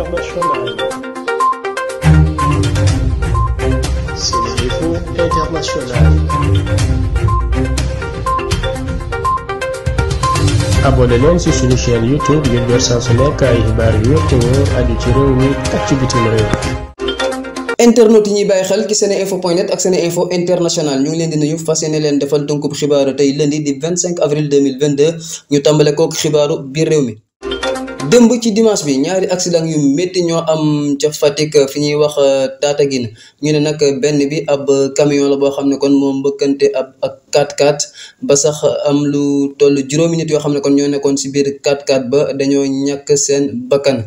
internationale. Sénéinfo International. abonné leen ci suñu chaîne YouTube ngir jot saa su yu wér te wóor aju ci réew mi ak ci bitim yi ñuy bàyyi xel ci sene info net ak sene info international ñu ngi leen di nuyu fas yéene leen defal tënkub xibaaru tey lundi di 25 avril 2022 ñu tàmbale kook xibaaru biir réew mi. dëmb ci dimanche bi ñaari accident yu métti ñoo am ca Fatick fi ñuy wax euh, Tataguine ñu ne nag benn bi ab camion la boo xam ne kon moom mbëkkante ab ak 4 x ba sax am lu toll juróomi nit yoo xam ne kon ñoo nekkoon si biir 4 ba dañoo ñàkk seen bakkan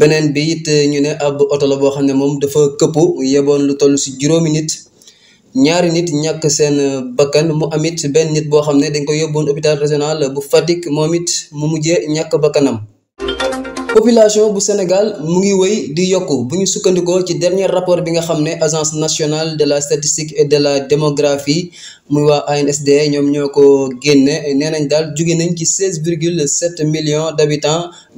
beneen bi it ñu ne ab oto la boo xam ne moom dafa këppu yeboon lu toll si juróomi nit ñaari nit ñàkk seen bakkan mu amit benn nit boo xam ne dañ koy yóbboon hôpital régional bu Fatick moom it mu mujje ñàkk bakkanam population bu Sénégal mu ngi woy di yokk bu ñu sukkandikoo ci dernier rapport bi nga xam ne agence nationale de la statistique et de la démographie muy waa ANSD ñoom ñoo ko génne nee nañ daal jóge nañ ci seize virgule sept million d'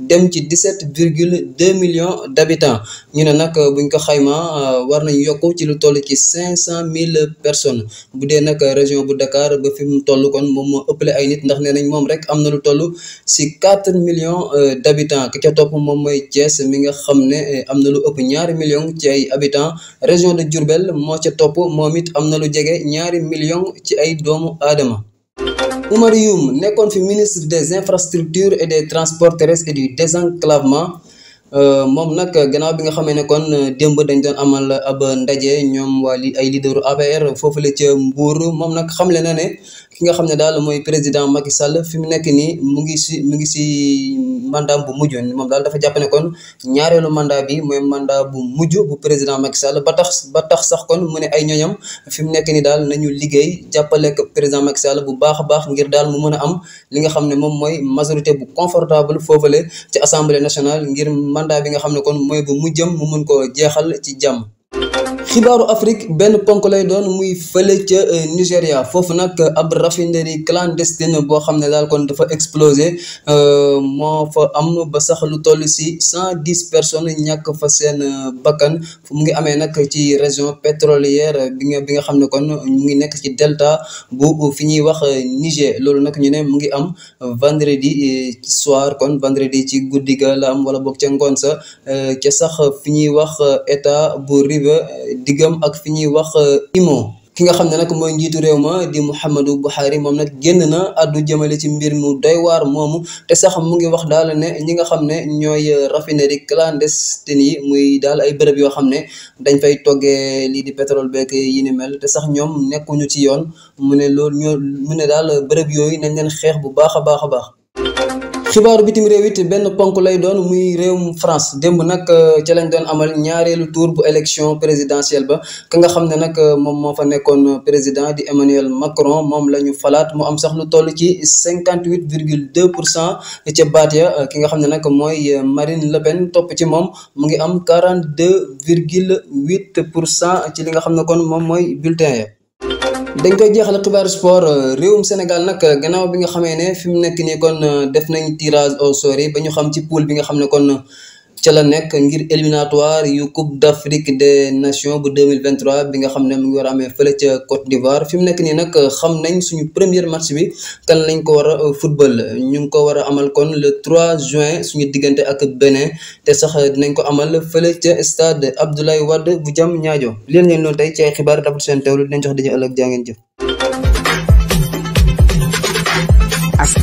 dem ci dix sept virgule deux million d' habitants ñu ne nag buñ ko xayma euh, war nañ yokk ci lu toll ci cinq cent mille personnes bu dee nag région bu Dakar ba fi mu toll kon moom moo ëppale ay nit ndax nee nañ moom rek am na lu toll si quatre millions euh, d' habitants ki ca topp moom mooy Thiès mi nga xam ne euh, am na lu ëpp ñaari millions ci ay habitants région de Diourbel moo ca topp moom it am na lu jege ñaari millions. ci ay doomu aadama Oumar Youm nekkoon fi ministre des infrastructures et des transports terrestres et du désenclavement euh, moom nag gannaaw bi nga xamee ne kon euh, démb dañ doon amal ab ndaje ñoom wa ay leaderu APR foofu la ca Mbour moom nag xamle na ne ki nga xam ne daal mooy président Macky Sall fi mu nekk nii mu ngi si mu ngi si mandat bu mujj moom daal dafa jàpp ne kon ñaareelu mandat bi mooy mandaa bu mujj bu président Macky Sall ba tax ba tax sax kon mu ne ay ñoñam fi mu nekk nii daal nañu liggéey jàppale ko président Macky bu baax a baax ngir daal mu mën a am li nga xam ne moom mooy majorité bu confortable le ci assemblée nationale ngir mandat bi nga xam ne kon mooy bu mujjam mu mun koo jeexal ci jàmm. xibaaru Afrique benn ponk lay doon muy fële ca euh, Nigéria foofu nag euh, ab raffinerie clandestine boo xam ne daal kon dafa explosé euh, moo fa am ba sax lu toll si cent dix personnes ñàkk fa seen bakkan mu ngi amee nag ci région pétrolière bi nga bi nga xam ne kon mu ngi nekk ci delta bu fi ñuy wax Niger loolu nag ñu ne mu ngi am vendredi ci soir kon vendredi ci guddi ga la wala boog ca ngoon sax ca sax fi ñuy wax état bu rive diggam ak fi ñuy wax euh, imo ki nga xam ne nag mooy njiitu réew ma di Muhammadu Buhari moom nag génn na àddu jëmale ci mbir mu day waar moomu te sax mu ngi wax daal ne ñi nga xam ne ñooy euh, raffinerie clandestine nii muy daal ay bërëb yoo xam ne dañ fay toggee lii di pétrole beek yi ni mel te sax ñoom nekkuñu ci yoon mu ne loolu ñoo mu ne daal bërëb yooyu nañ leen xeex bu baax a baax a baax xibaaru bitim réew it benn ponk lay doon muy réew réewum France démb nag euh, ca lañ doon amal ñaareelu tour bu élection présidentielle ba ka nga xam ne nag euh, moom moo fa nekkoon euh, président di Emmanuel Macron moom la ñu falaat moo am sax lu toll ci cinquante huit virgule deux pour cent ca baat ya ki nga xam ne nag mooy Marine Le Pen topp ci moom mu ngi am quarante deux virgule huit pour cent ci li nga xam ne kon moom mooy bulletin ya dañ koy jeexal xibaar sport euh, réewum Sénégal nag euh, gannaaw bi nga xamee ne fi mu nekk nii kon euh, def nañ tirage au sort ba ñu xam ci poule bi nga xam ne kon. ca la nekk ngir éliminatoire yu coupe d' afrique des nations bu 2023 bi nga xam ne mu ngi war a amee fële ca Côte d'Ivoire fi mu nekk nii nag xam nañ suñu première match bi kan lañ ko war a euh, football ñu ngi ko war a amal kon le 3 juin suñu diggante ak Bénin te sax dinañ ko amal fële ca stade Abdoulaye Wade bu jàmm ñaajo leen leen loonu tey ci ay xibaar daful seen teewlu dinañ jox dañu ëllëg jaa ngeen jëf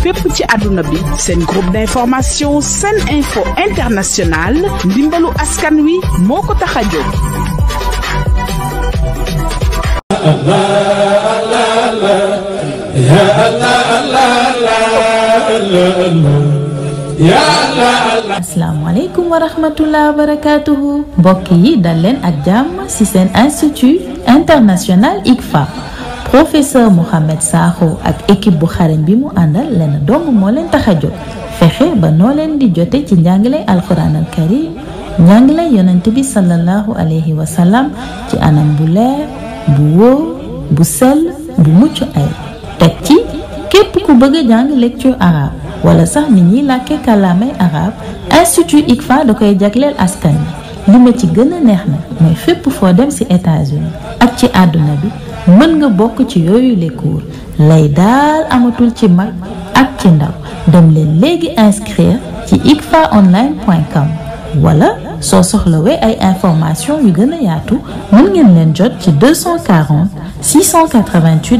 fépp ci àdduna bi seen groupe d'information seen info international ndimbalu askan wi moo ko tax a jóg asalaamaaleykum wa rahmatullah wa barakatuhu mbokk yi dal leen ak jàmm ci seen institut international ICFA professeur Mouhamed Sakho ak équipe bu xarañ bi mu àndal lenn dong moo leen tax a jóg fexe ba noo leen di jote ci njàngilay alquran al karim njàngilay yonent bi sallallahu alayhi wa sallam ci anam bu leer bu wóor bu sell bu mucc ay teg ci képp ku bëgg a jàng lecture arabe wala sax ni ñuy làkke kàllaamay arabe institut ICFA da koy jagleel askan bi li ci gën a neex na mooy fépp foo dem si états ak ci àdduna bi mën nga bokk ci yooyu les cours lay daal amatul ci mag ak ci ndaw dem leen léegi inscrire ci icfaonline.com wala soo soxlawee ay information yu gën a yaatu mën ngeen leen jot ci 240 688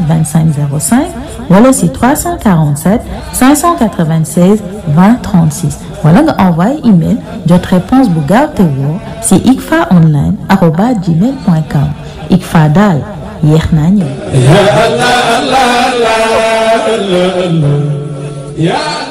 25 05 wala si 347 596 20 36 wala nga envoyé email jot réponse bu gaaw te woo si icfaonline arobas gmail com icfa daal yéex naa ñëw.